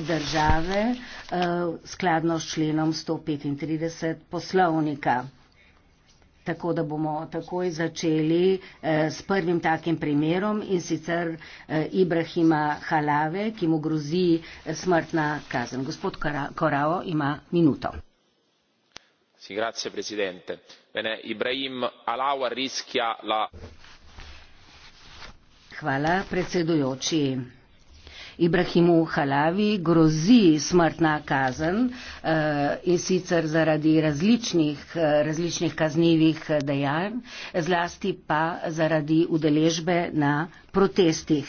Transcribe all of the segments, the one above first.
države eh, skladno s členom 135 poslovnika. Tako da bomo takoj začeli eh, s prvim takim primerom in sicer eh, Ibrahima Halave, ki mu grozi smrtna kazen. Gospod Korao ima minuto. Sì, grazie Presidente. Bene, Ibrahim Alawa rischia la. Hvala predsedujoči. Ibrahimu Halavi grozi smrtna kazen eh, in sicer zaradi različnih, eh, različnih kaznjivih eh, dejanj, zlasti pa zaradi udeležbe na protestih.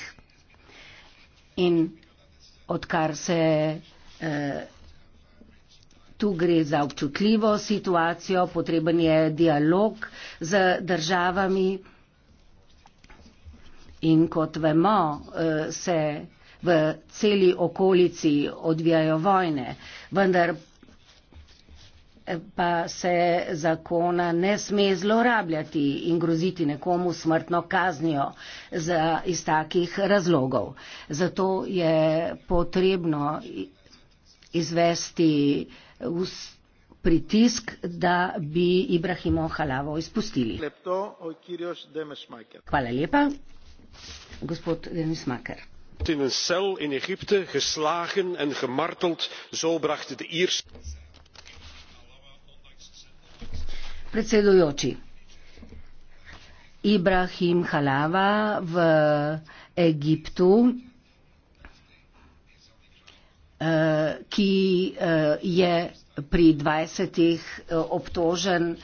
In odkar se tu gre za občutljivo situacijo, potreben je dialog z državami. In kot vemo, se v celi okolici odvijajo vojne, vendar pa se zakona ne sme zlorabljati in groziti nekomu smrtno kaznijo za, iz takih razlogov. Zato je potrebno izvesti vs, pritisk, da bi Ibrahimo Halavo izpustili. Hvala lepa, gospod Denis Maker gevangen in een cel in egypte geslagen en gemarteld zo bracht de ierse. predsedujoči ibrahim halawa v egiptu eh, ki eh, je pri dvajsetih eh, obtožen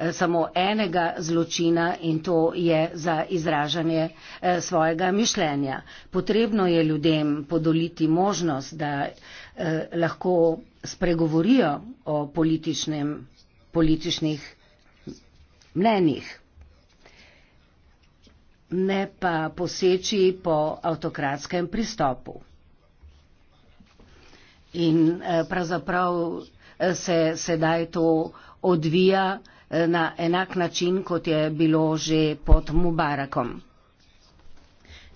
Eh, samo enega zločina in to je za izražanje eh, svojega mišljenja. Potrebno je ljudem podoliti možnost, da eh, lahko spregovorijo o političnih mnenjih. Ne pa poseči po avtokratskem pristopu. In pravzaprav se sedaj to odvija. Eh, na enak način, kot je bilo že pod Mubarakom.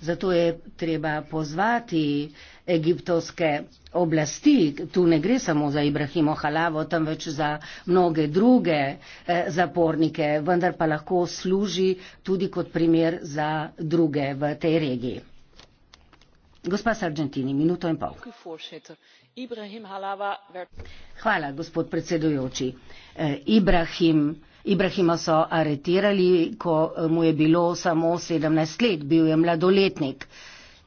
Zato je treba pozvati egiptovske oblasti, tu ne gre samo za Ibrahimo Halavo, temveč za mnoge druge eh, zapornike, vendar pa lahko služi tudi kot primer za druge v tej regiji. Gospa Sargentini, minuto in pol gospod predsedujoči e, ibrahim ibrahima so aretirali ko e, mu je bilo samo sedemnajst let bil je mladoletnik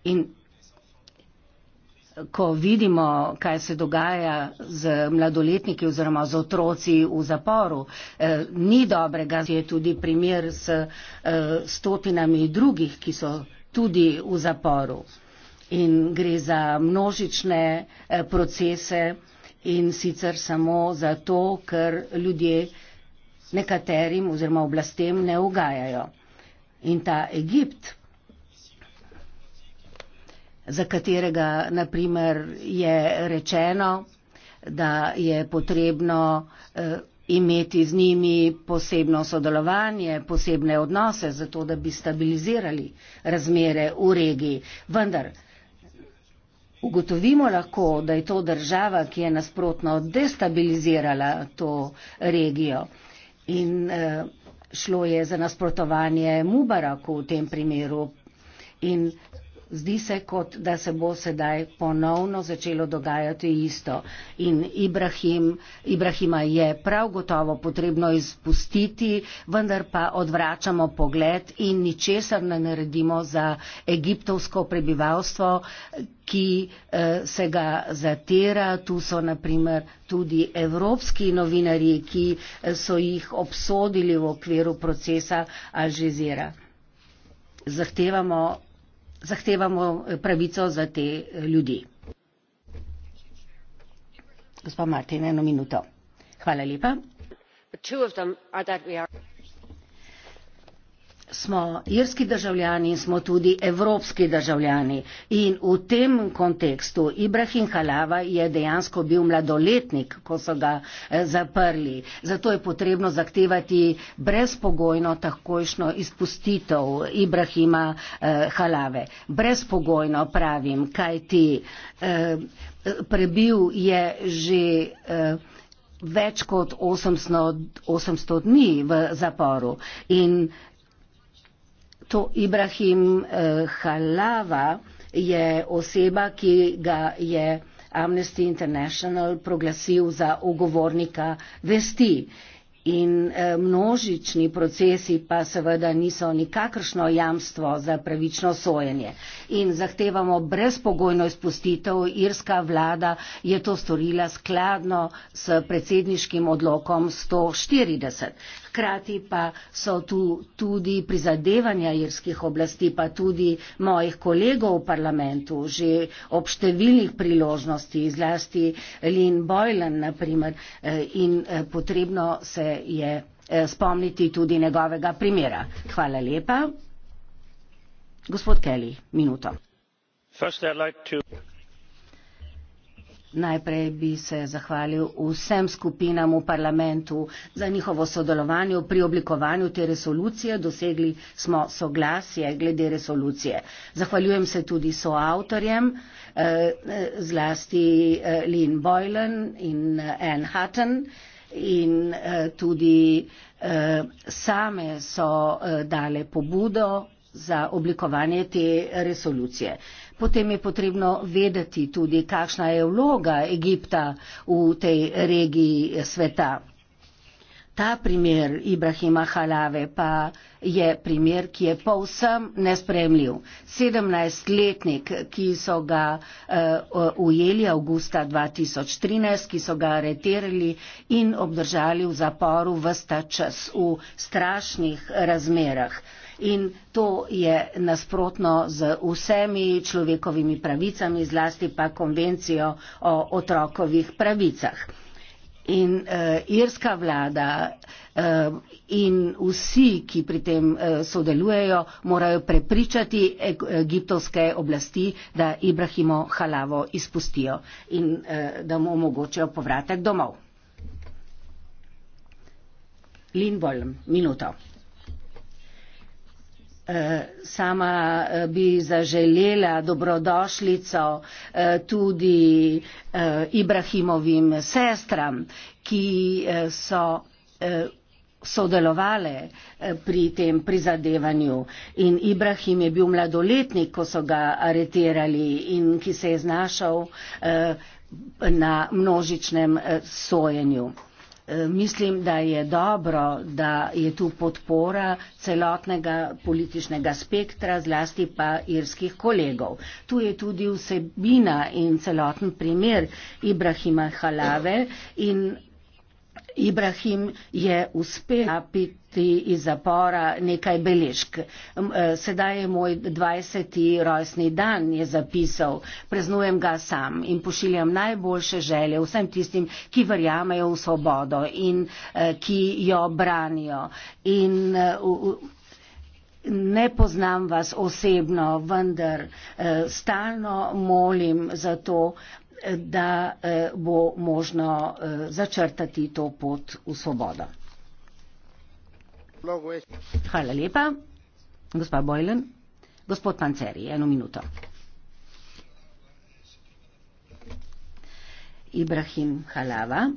in ko vidimo kaj se dogaja z mladoletniki oziroma z otroci v zaporu e, ni dobrega je tudi primer s stotinami drugih ki so tudi v zaporu in gre za množične eh, procese in sicer samo zato, ker ljudje nekaterim oziroma oblastem ne ugajajo. In ta Egipt, za katerega naprimer je rečeno, da je potrebno eh, imeti z njimi posebno sodelovanje, posebne odnose, zato da bi stabilizirali razmere v regiji. Vendar Ugotovimo lahko, da je to država, ki je nasprotno destabilizirala to regijo. In eh, šlo je za nasprotovanje Mubaraku v tem primeru. In Zdi se, kot da se bo sedaj ponovno začelo dogajati isto. In Ibrahim, Ibrahima je prav gotovo potrebno izpustiti, vendar pa odvračamo pogled in ničesar ne naredimo za egiptovsko prebivalstvo, ki eh, se ga zatira. Tu so naprimer tudi evropski novinarji, ki eh, so jih obsodili v okviru procesa Alžizira. Zahtevamo zahtevamo eh, pravico za te eh, ljudi. Gospa Martin, eno minuto. Hvala lepa smo irski državljani in smo tudi evropski državljani. In v tem kontekstu Ibrahim Halava je dejansko bil mladoletnik, ko so ga eh, zaprli. Zato je potrebno zahtevati brezpogojno takojšno izpustitev Ibrahima eh, Halave. Brezpogojno pravim, kaj ti eh, prebil je že. Eh, več kot 800, 800 dni v zaporu. In To Ibrahim eh, Halava je oseba, ki ga je Amnesty International proglasil za ogovornika vesti. In eh, množični procesi pa seveda niso nikakršno jamstvo za pravično sojenje. In zahtevamo brezpogojno izpustitev. Irska vlada je to storila skladno s predsedniškim odlokom 140 hkrati pa so tu tudi prizadevanja irskih oblasti, pa tudi mojih kolegov v parlamentu, že ob številnih priložnosti, zlasti Lynn Boylan naprimer, eh, in eh, potrebno se je eh, spomniti tudi njegovega primera. Hvala lepa. Gospod Kelly, minuto. Najprej bi se zahvalil vsem skupinam v parlamentu za njihovo sodelovanje pri oblikovanju te resolucije. Dosegli smo soglasje glede resolucije. Zahvaljujem se tudi soavtorjem, eh, zlasti eh, Lynn Boylan in eh, Anne Hutton. In tudi same so dale pobudo za oblikovanje te resolucije. Uh, potem je potrebno vedeti tudi, kakšna je vloga Egipta v tej regiji sveta ta primer Ibrahima Halave pa je primer, ki je povsem nespremljiv. 17-letnik, ki so ga uh, ujeli avgusta 2013, ki so ga areterili in obdržali v zaporu vsta čas v strašnih razmerah. In to je nasprotno z vsemi človekovimi pravicami, zlasti pa konvencijo o otrokovih pravicah. In uh, irska vlada uh, in vsi, ki pri tem uh, sodelujejo, morajo prepričati egiptovske oblasti, da Ibrahimo halavo izpustijo in uh, da mu omogočijo povratek domov. Lin Bolm, minuto. Sama eh, bi zaželela dobrodošlico eh, tudi eh, Ibrahimovim sestram, ki so sodelovale pri tem prizadevanju. In Ibrahim je bil mladoletnik, ko so ga areterali in ki se je znašel na množičnem sojenju. Eh, mislim, da je dobro, da je tu podpora celotnega političnega spektra, zlasti pa irskih kolegov. Tu je tudi vsebina in celoten primer Ibrahima Halave in Ibrahim je uspel napiti iz zapora nekaj beležk. Eh, sedaj je moj 20. rojstni dan, je zapisal, preznujem ga sam in pošiljam najboljše želje vsem tistim, ki verjamejo v svobodo in eh, ki jo branijo. In, eh, Ne poznam vas osebno, vendar eh, stalno molim za to, da eh, bo možno eh, začrtati to pot v svobodo. Hvala lepa, gospod Bojlen. Gospod Panceri, eno minuto. Ibrahim Halava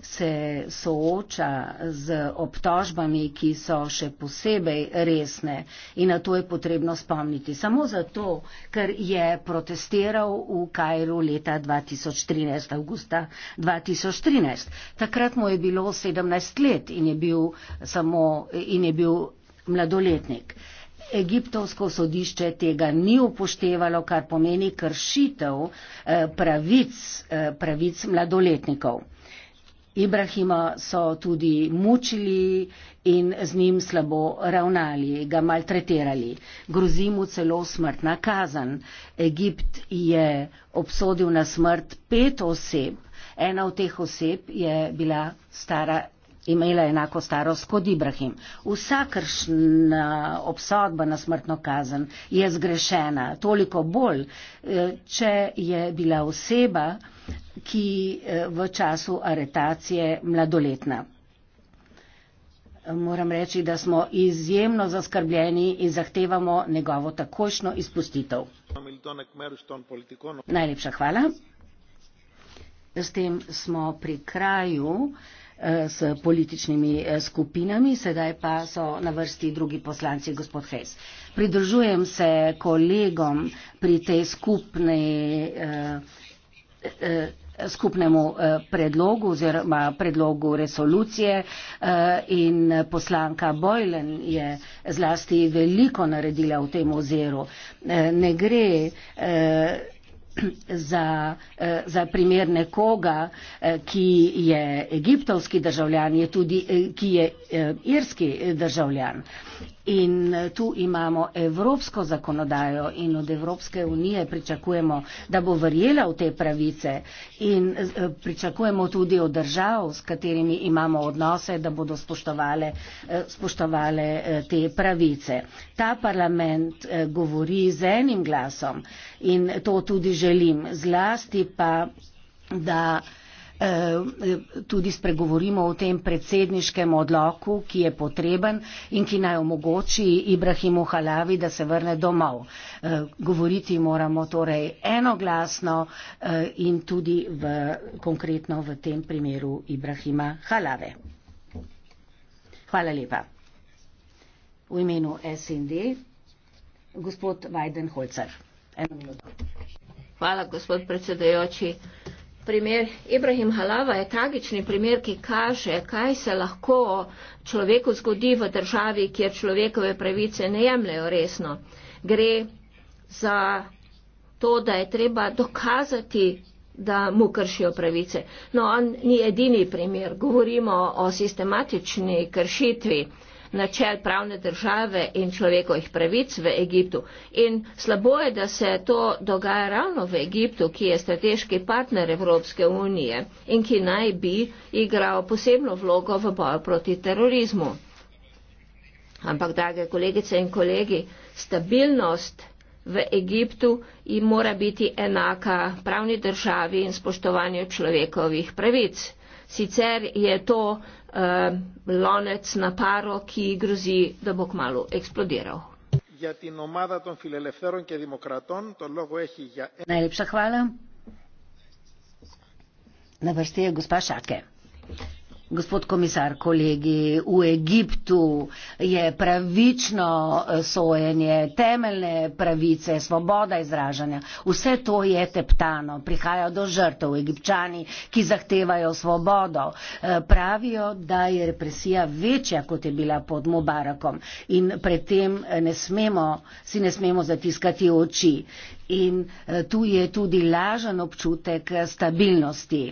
se sooča z obtožbami, ki so še posebej resne in na to je potrebno spomniti. Samo zato, ker je protestiral v Kajru leta 2013, avgusta 2013. Takrat mu je bilo 17 let in je bil, samo, in je bil mladoletnik. Egiptovsko sodišče tega ni upoštevalo, kar pomeni kršitev eh, pravic, eh, pravic mladoletnikov. Ibrahima so tudi mučili in z njim slabo ravnali, ga maltretirali. Grozi mu celo smrtna kazan. Egipt je obsodil na smrt pet oseb. Ena od teh oseb je bila stara imela enako starost kot Ibrahim. Vsakršna obsodba na smrtno kazen je zgrešena, toliko bolj, eh, če je bila oseba, ki eh, v času aretacije mladoletna. Moram reči, da smo izjemno zaskrbljeni in zahtevamo njegovo takošno izpustitev. Najlepša hvala. S tem smo pri kraju s političnimi eh, skupinami. Sedaj pa so na vrsti drugi poslanci, gospod Hes. Pridružujem se kolegom pri tej skupni, eh, eh, skupnemu predlogu oziroma predlogu resolucije in poslanka Bojlen je zlasti veliko naredila v tem oziru. Ne gre za, eh, za primer nekoga, eh, ki je egiptovski državljan, je tudi, eh, ki je irski državljan. In tu imamo evropsko zakonodajo in od Evropske unije pričakujemo, da bo verjela v te pravice in pričakujemo tudi od držav, s katerimi imamo odnose, da bodo spoštovale, spoštovale te pravice. Ta parlament govori z enim glasom in to tudi že želim, zlasti pa, da eh, tudi spregovorimo o tem predsedniškem odloku, ki je potreben in ki naj omogoči Ibrahimu Halavi, da se vrne domov. Eh, govoriti moramo torej enoglasno eh, in tudi v, konkretno v tem primeru Ibrahima Halave. Hvala lepa. V imenu SND, gospod Vajden Holcer. Hvala, gospod predsedajoči. Primer Ibrahim Halava je tragični primer, ki kaže, kaj se lahko človeku zgodi v državi, kjer človekove pravice ne jemljajo resno. Gre za to, da je treba dokazati, da mu kršijo pravice. No, on ni edini primer. Govorimo o sistematični kršitvi. Uh, načel pravne države in človekovih pravic v Egiptu. In slabo je, da se to dogaja ravno v Egiptu, ki je strateški partner Evropske unije in ki naj bi igral posebno vlogo v boju proti terorizmu. Ampak, drage kolegice in kolegi, stabilnost v Egiptu in mora biti enaka pravni državi in spoštovanju človekovih pravic. Sicer je to Eh, lonec na paro, ki grozi, da bo kmalo eksplodiral. Ja ja- Najlepša hvala. Na vrsti je gospa Šake. Gospod komisar, kolegi, v Egiptu je pravično sojenje, temeljne pravice, svoboda izražanja, vse to je teptano, prihaja do žrtev, egipčani, ki zahtevajo svobodo, eh, pravijo, da je represija večja, kot je bila pod Mubarakom in predtem eh, ne smemo, si ne smemo zatiskati oči. In eh, tu je tudi lažen občutek stabilnosti.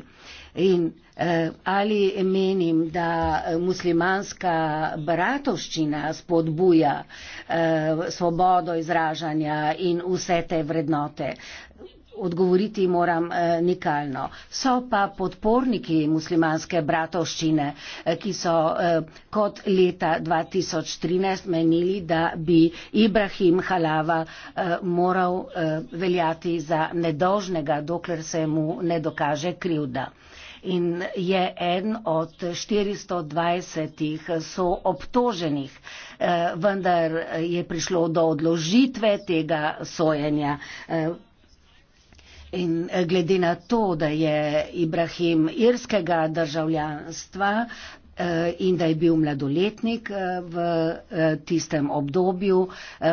In eh, ali menim, da eh, muslimanska bratovščina spodbuja eh, svobodo izražanja in vse te vrednote? Odgovoriti moram eh, nikalno. So pa podporniki muslimanske bratovščine, eh, ki so eh, kot leta 2013 menili, da bi Ibrahim Halava eh, moral eh, veljati za nedožnega, dokler se mu ne dokaže krivda in je en od 420 so obtoženih, vendar je prišlo do odložitve tega sojenja. Eh, in glede na to, da je Ibrahim irskega državljanstva eh, in da je bil mladoletnik eh, v tistem obdobju,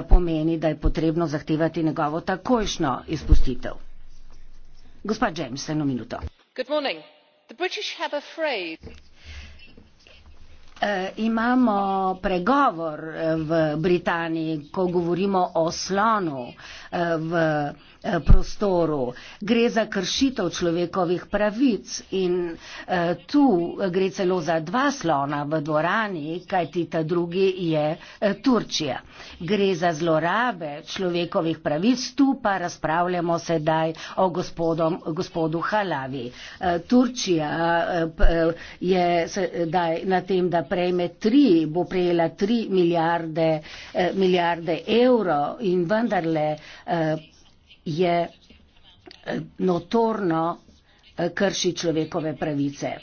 pomeni, da je potrebno zahtevati njegovo takojšno izpustitev. Gospod James, eno minuto. Good morning. Eh, imamo pregovor eh, v britaniji ko govorimo o slonu eh, v britaniji pravimo slon je bil pojedel. Eh, prostoru. Gre za kršitev človekovih pravic in eh, tu gre celo za dva slona v dvorani, kajti ta drugi je eh, Turčija. Gre za zlorabe človekovih pravic, tu pa razpravljamo sedaj o gospodom, gospodu Halavi. Turčija je sedaj na tem, da prejme tri, bo prejela tri milijarde, milijarde evrov in vendarle je eh, notorno eh, krši človekove pravice.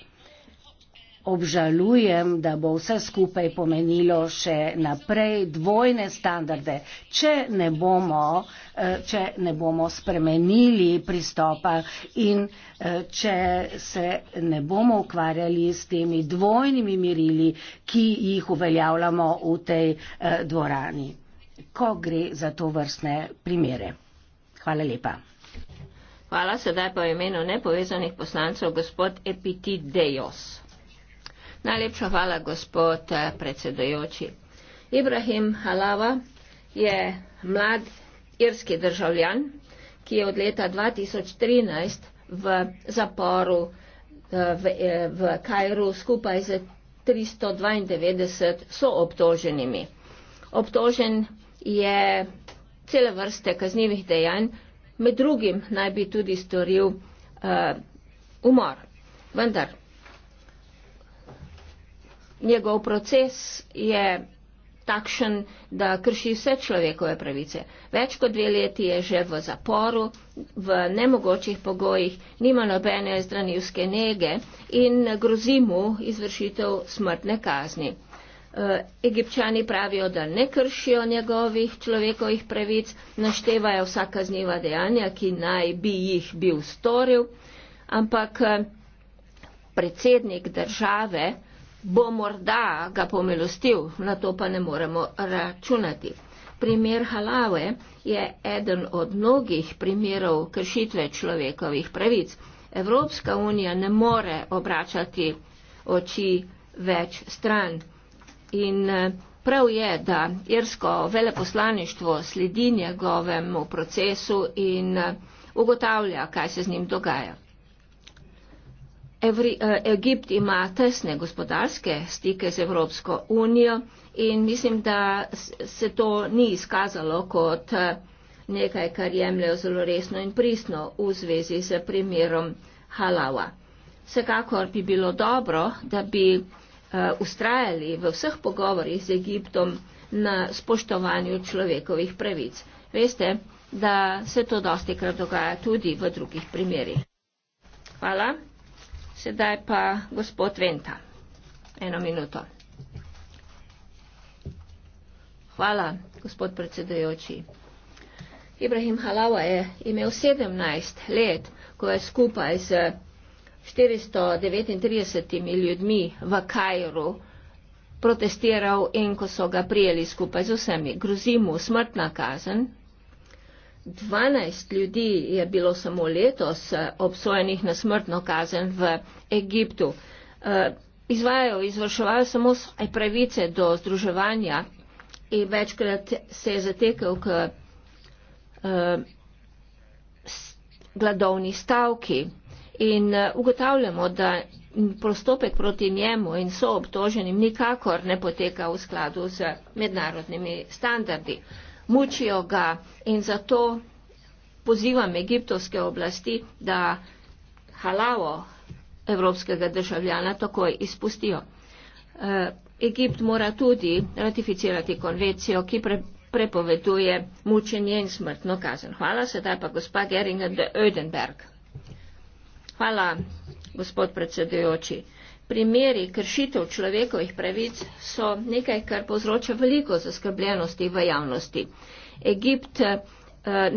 Obžalujem, da bo vse skupaj pomenilo še naprej dvojne standarde, če ne bomo, eh, če ne bomo spremenili pristopa in če se ne bomo ukvarjali s temi dvojnimi mirili, ki jih uveljavljamo v tej dvorani, ko gre za to vrstne primere. Hvala lepa. Hvala, sedaj pa je imeno nepovezanih poslancev gospod Epitidejos. Najlepša hvala, gospod eh, predsedajoči. Ibrahim Halava je mlad irski državljan, ki je od leta 2013 v zaporu eh, v, eh, v Kajru skupaj z 392 soobtoženimi. Obtožen je cele vrste kaznjivih dejanj, med drugim naj bi tudi storil uh, umor. Vendar njegov proces je takšen, da krši vse človekove pravice. Več kot dve leti je že v zaporu, v nemogočih pogojih, nima nobene zdravljivske nege in grozi mu izvršitev smrtne kazni. Eh, Egipčani pravijo, da ne kršijo njegovih človekovih pravic, naštevajo vsa kazniva dejanja, ki naj bi jih bil storil, ampak eh, predsednik države bo morda ga pomilostil, na to pa ne moremo računati. Primer Halave je eden od mnogih primerov kršitve človekovih pravic. Evropska unija ne more obračati oči več stran. In eh, prav je, da irsko veleposlaništvo sledi njegovemu procesu in eh, ugotavlja, kaj se z njim dogaja. Evri, eh, Egipt ima tesne gospodarske stike z Evropsko unijo in mislim, da se to ni izkazalo kot nekaj, kar jemljajo zelo resno in pristno v zvezi s primerom Halava. Vsekakor bi bilo dobro, da bi Eh, ustrajali v vseh pogovorjih z Egiptom na spoštovanju človekovih pravic. Veste, da se to dosti krat dogaja tudi v drugih primerih. Hvala. Sedaj pa gospod Venta. Eno minuto. Hvala, gospod predsedujoči. Ibrahim Halawa je imel 17 let, ko je skupaj z 439 ljudmi v Kajru protestiral in ko so ga prijeli skupaj z vsemi, grozi mu smrtna kazen. 12 ljudi je bilo samo letos eh, obsojenih na smrtno kazen v Egiptu. Eh, izvajajo, izvrševajo samo pravice do združevanja in večkrat se je zatekel k eh, gladovni stavki in eh, ugotavljamo, da postopek proti njemu in so obtoženim nikakor ne poteka v skladu z mednarodnimi standardi. Mučijo ga in zato pozivam egiptovske oblasti, da halavo evropskega državljana takoj izpustijo. Eh, Egipt mora tudi ratificirati konvencijo, ki pre prepoveduje mučenje in smrtno kazen. Hvala, sedaj pa gospa Geringer de Oedenberg. Hvala, gospod predsedujoči. Primeri kršitev človekovih pravic so nekaj, kar povzroča veliko zaskrbljenosti v javnosti. Egipt eh,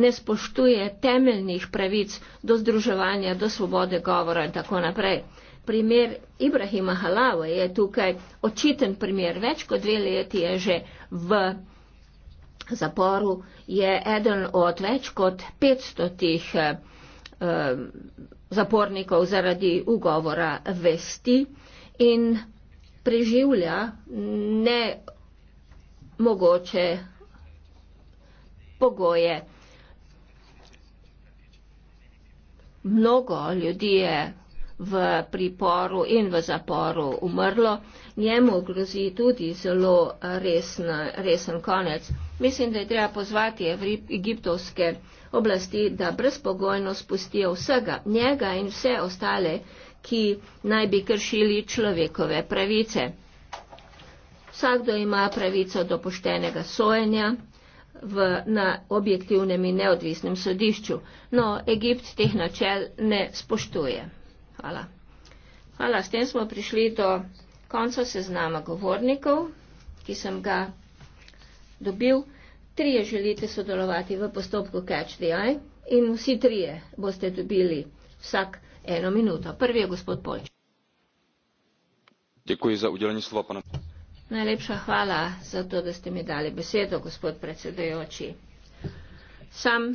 ne spoštuje temeljnih pravic do združevanja, do svobode govora in tako naprej. Primer Ibrahima Halava je tukaj očiten primer. Več kot dve leti je že v zaporu, je eden od več kot 500 tih eh, zapornikov zaradi ugovora vesti in preživlja ne mogoče pogoje. Mnogo ljudi je v priporu in v zaporu umrlo, njemu grozi tudi zelo resen, resen konec. Mislim, da je treba pozvati egiptovske oblasti, da brezpogojno spustijo vsega, njega in vse ostale, ki naj bi kršili človekove pravice. Vsakdo ima pravico do poštenega sojenja v, na objektivnem in neodvisnem sodišču. No, Egipt teh načel ne spoštuje. Hvala. Hvala. S tem smo prišli do konca seznama govornikov, ki sem ga dobil. Trije želite sodelovati v postopku Catch the Eye in vsi trije boste dobili vsak eno minuto. Prvi je gospod Polč. Děkuji za udělení slova, pane. Najlepša hvala za to, da ste mi dali besedo, gospod predsedujoči. Sam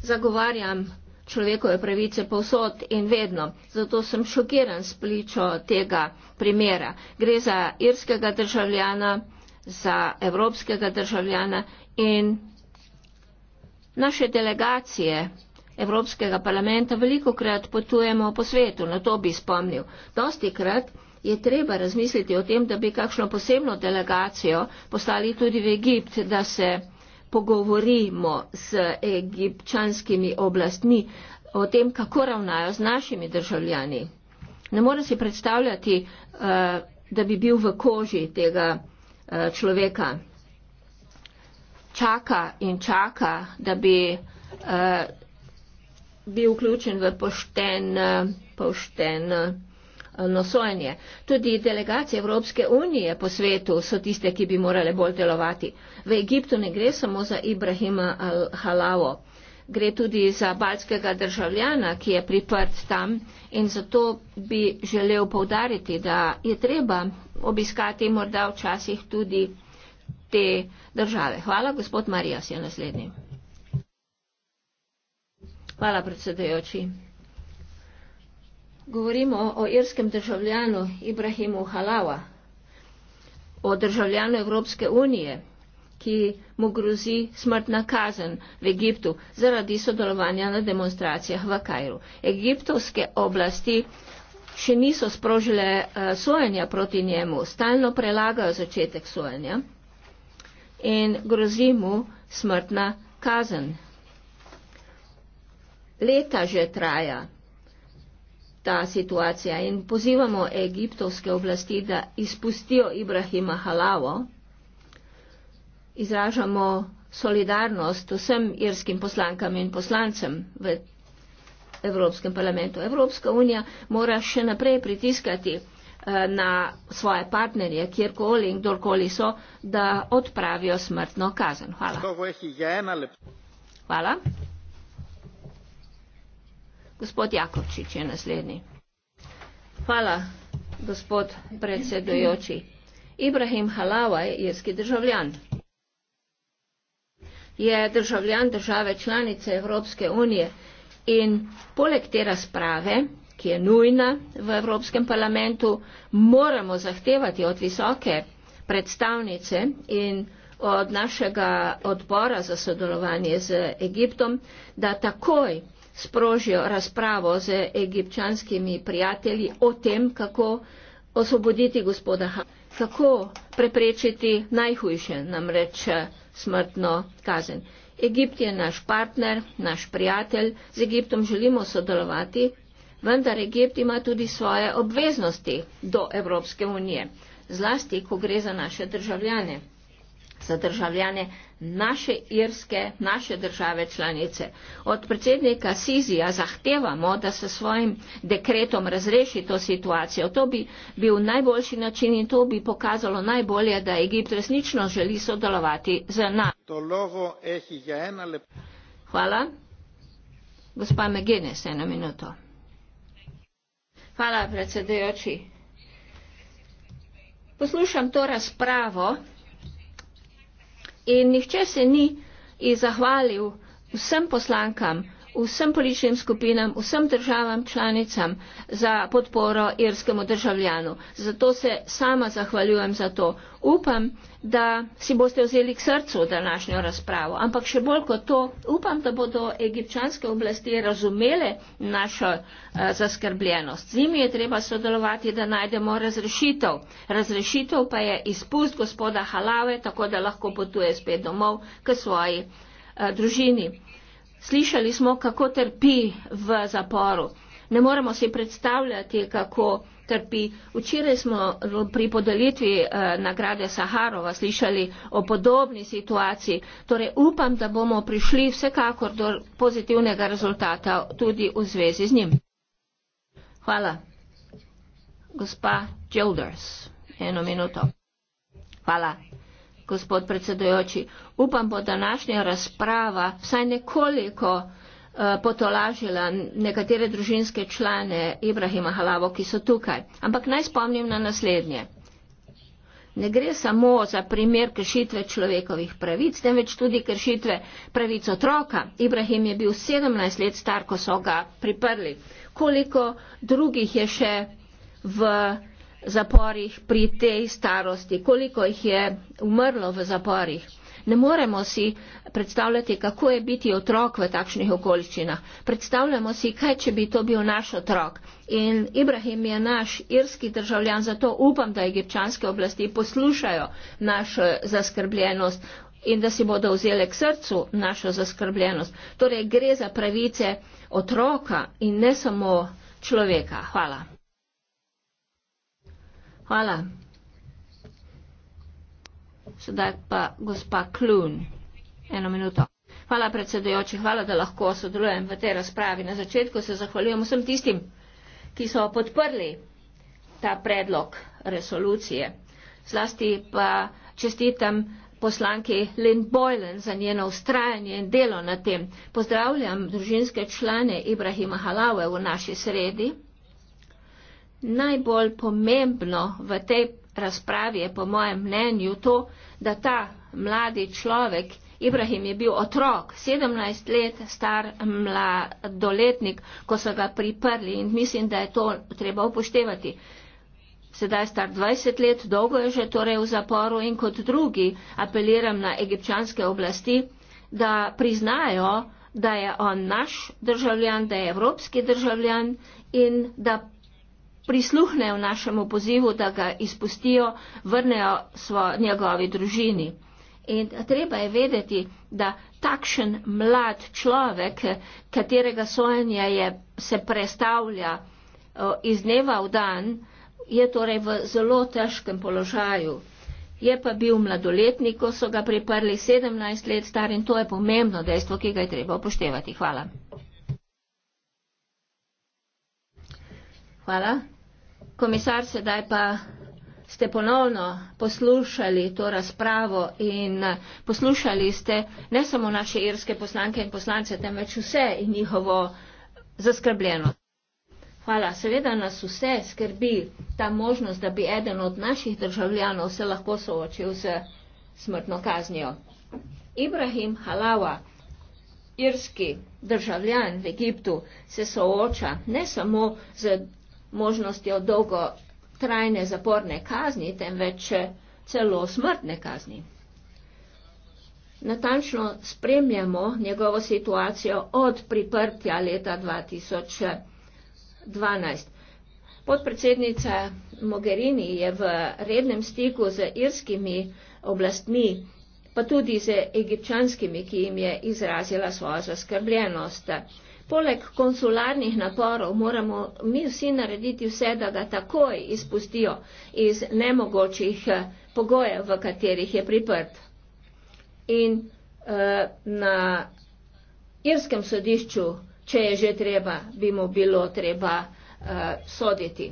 zagovarjam človekove pravice povsod in vedno. Zato sem šokiran s pličo tega primera. Gre za irskega državljana, za evropskega državljana in naše delegacije Evropskega parlamenta veliko krat potujemo po svetu, na to bi spomnil. Dosti krat je treba razmisliti o tem, da bi kakšno posebno delegacijo poslali tudi v Egipt, da se pogovorimo z egipčanskimi oblastmi o tem, kako ravnajo z našimi državljani. Ne morem si predstavljati, eh, da bi bil v koži tega eh, človeka. Čaka in čaka, da bi eh, bil vključen v pošten, pošten Eh, nosojenje. Tudi delegacije Evropske unije po svetu so tiste, ki bi morale bolj delovati. V Egiptu ne gre samo za Ibrahima Halavo, gre tudi za balskega državljana, ki je priprt tam in zato bi želel povdariti, da je treba obiskati morda včasih tudi te države. Hvala, gospod Marijas je naslednji. Hvala, predsedajoči. Govorimo o irskem državljanu Ibrahimu Halawa, o državljanu Evropske unije, ki mu grozi smrtna kazen v Egiptu zaradi sodelovanja na demonstracijah v Kajru. Egiptovske oblasti še niso sprožile eh, sojenja proti njemu, stalno prelagajo začetek sojenja in grozi mu smrtna kazen. Leta že traja ta situacija in pozivamo egiptovske oblasti, da izpustijo Ibrahima Halavo. Izražamo solidarnost vsem irskim poslankam in poslancem v Evropskem parlamentu. Evropska unija mora še naprej pritiskati eh, na svoje partnerje, kjerkoli in kdorkoli so, da odpravijo smrtno kazen. Hvala. Hvala. Gospod Jakovčič je naslednji. Hvala, gospod predsedujoči. Ibrahim Halawa je irski državljan. Je državljan države članice Evropske unije in poleg te razprave, ki je nujna v Evropskem parlamentu, moramo zahtevati od visoke predstavnice in od našega odbora za sodelovanje z Egiptom, da takoj sprožijo razpravo z egipčanskimi prijatelji o tem, kako osvoboditi gospoda Hamasa, kako preprečiti najhujše, namreč eh, smrtno kazen. Egipt je naš partner, naš prijatelj, z Egiptom želimo sodelovati, vendar Egipt ima tudi svoje obveznosti do Evropske unije, zlasti, ko gre za naše državljane za državljane naše irske, naše države članice. Od predsednika Sizija zahtevamo, da se svojim dekretom razreši to situacijo. To bi bil najboljši način in to bi pokazalo najbolje, da Egipt resnično želi sodelovati z nami. Hvala. Gospa Megenes, eno minuto. Hvala, predsedujoči. Poslušam to razpravo in nihče se ni zahvalil vsem poslankam, vsem političnim skupinam, vsem državam članicam za podporo irskemu državljanu. Zato se sama zahvaljujem za to. Upam, da si boste vzeli k srcu današnjo razpravo, ampak še bolj kot to, upam, da bodo egipčanske oblasti razumele našo uh, zaskrbljenost. Z njimi je treba sodelovati, da najdemo razrešitev. Razrešitev pa je izpust gospoda Halave, tako da lahko potuje spet domov k svoji uh, družini. Slišali smo, kako trpi v zaporu. Ne moremo si predstavljati, kako trpi. Včeraj smo pri podelitvi eh, nagrade Saharova slišali o podobni situaciji. Torej upam, da bomo prišli vsekakor do pozitivnega rezultata tudi v zvezi z njim. Hvala. Gospa Gilders, eno minuto. Hvala gospod predsedujoči. Upam, bo današnja razprava vsaj nekoliko eh, potolažila nekatere družinske člane Ibrahima Halavo, ki so tukaj. Ampak naj spomnim na naslednje. Ne gre samo za primer kršitve človekovih pravic, temveč tudi kršitve pravic otroka. Ibrahim je bil 17 let star, ko so ga priprli. Koliko drugih je še v zaporih pri tej starosti, koliko jih je umrlo v zaporih. Ne moremo si predstavljati, kako je biti otrok v takšnih okoliščinah. Predstavljamo si, kaj če bi to bil naš otrok. In Ibrahim je naš irski državljan, zato upam, da egipčanske oblasti poslušajo našo zaskrbljenost in da si bodo vzeli k srcu našo zaskrbljenost. Torej gre za pravice otroka in ne samo človeka. Hvala. Hvala. Sedaj pa gospa Klun. Eno minuto. Hvala predsedujoči, hvala, da lahko sodelujem v tej razpravi. Na začetku se zahvaljujem vsem tistim, ki so podprli ta predlog resolucije. Zlasti pa čestitam poslanki Lynn Boylan za njeno ustrajanje in delo na tem. Pozdravljam družinske člane Ibrahima Halawe v naši sredi najbolj pomembno v tej razpravi je po mojem mnenju to, da ta mladi človek, Ibrahim je bil otrok, 17 let star mladoletnik, ko so ga priprli in mislim, da je to treba upoštevati. Sedaj je star 20 let, dolgo je že torej v zaporu in kot drugi apeliram na egipčanske oblasti, da priznajo, da je on naš državljan, da je evropski državljan in da prisluhnejo našemu pozivu, da ga izpustijo, vrnejo svoj, njegovi družini. In treba je vedeti, da takšen mlad človek, katerega sojenje je, se prestavlja iz dneva v dan, je torej v zelo težkem položaju. Je pa bil mladoletnik, ko so ga priprli 17 let star in to je pomembno dejstvo, ki ga je treba upoštevati. Hvala. Hvala. Komisar, sedaj pa ste ponovno poslušali to razpravo in eh, poslušali ste ne samo naše irske poslanke in poslance, temveč vse in njihovo zaskrbljenost. Hvala. Seveda nas vse skrbi ta možnost, da bi eden od naših državljanov se lahko soočil s smrtno kaznijo. Ibrahim Halawa, irski državljan v Egiptu, se sooča ne samo z možnostjo dolgotrajne zaporne kazni, temveč eh, celo smrtne kazni. Natančno spremljamo njegovo situacijo od priprtja leta 2012. Podpredsednica Mogherini je v rednem stiku z irskimi oblastmi, pa tudi z egipčanskimi, ki jim je izrazila svojo zaskrbljenost. Poleg konsularnih naporov moramo mi vsi narediti vse, da ga takoj izpustijo iz nemogočih eh, pogojev, v katerih je priprt. In eh, na irskem sodišču, če je že treba, bi mu bilo treba eh, soditi.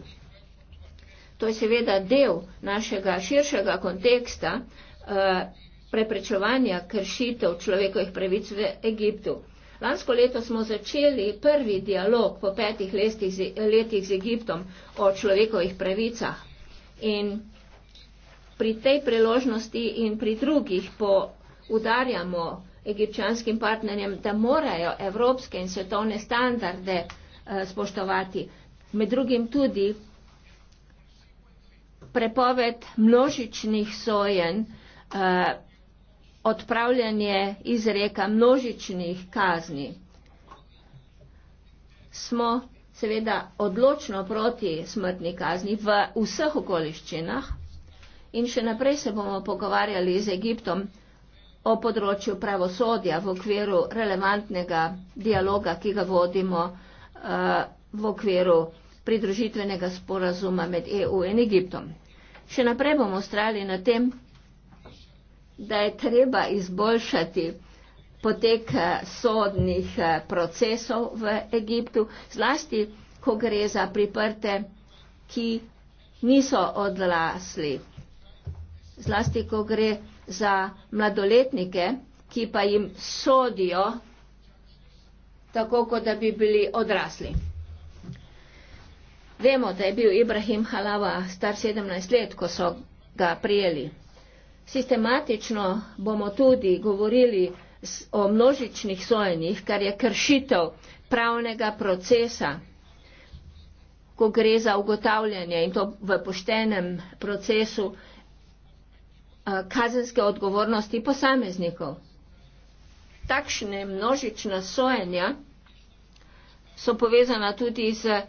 To je seveda del našega širšega konteksta eh, preprečevanja kršitev človekovih pravic v Egiptu. Lansko leto smo začeli prvi dialog po petih letih z, letih z Egiptom o človekovih pravicah. In pri tej priložnosti in pri drugih poudarjamo egipčanskim partnerjem, da morajo evropske in svetovne standarde eh, spoštovati. Med drugim tudi prepoved množičnih sojen eh, odpravljanje izreka množičnih kazni. Smo seveda odločno proti smrtni kazni v vseh okoliščinah in še naprej se bomo pogovarjali z Egiptom o področju pravosodja v okviru relevantnega dialoga, ki ga vodimo uh, v okviru pridružitvenega sporazuma med EU in Egiptom. Še naprej bomo ustrajali na tem, da je treba izboljšati potek eh, sodnih eh, procesov v Egiptu, zlasti, ko gre za priprte, ki niso odlasli. Zlasti, ko gre za mladoletnike, ki pa jim sodijo tako, kot da bi bili odrasli. Vemo, da je bil Ibrahim Halava star 17 let, ko so ga prijeli. Sistematično bomo tudi govorili o množičnih sojenjih, kar je kršitev pravnega procesa, ko gre za ugotavljanje in to v poštenem procesu eh, kazenske odgovornosti posameznikov. Takšne množična sojenja so povezana tudi z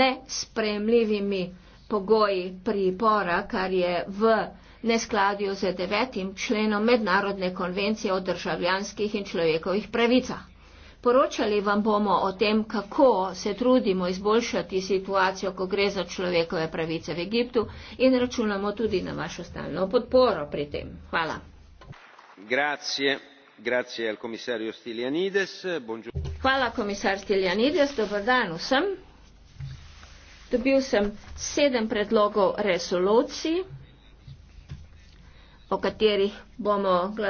nespremljivimi pogoji pripora, kar je v neskladju z devetim členom Mednarodne konvencije o državljanskih in človekovih pravicah. Poročali vam bomo o tem, kako se trudimo izboljšati situacijo, ko gre za človekove pravice v Egiptu in računamo tudi na vašo stalno podporo pri tem. Hvala. Grazie. Grazie al komisarju Stiljanides. Buongiorno. Hvala komisar Stiljanides. Dobar dan vsem. Dobil sem sedem predlogov resolucij o katerih bomo glasovali.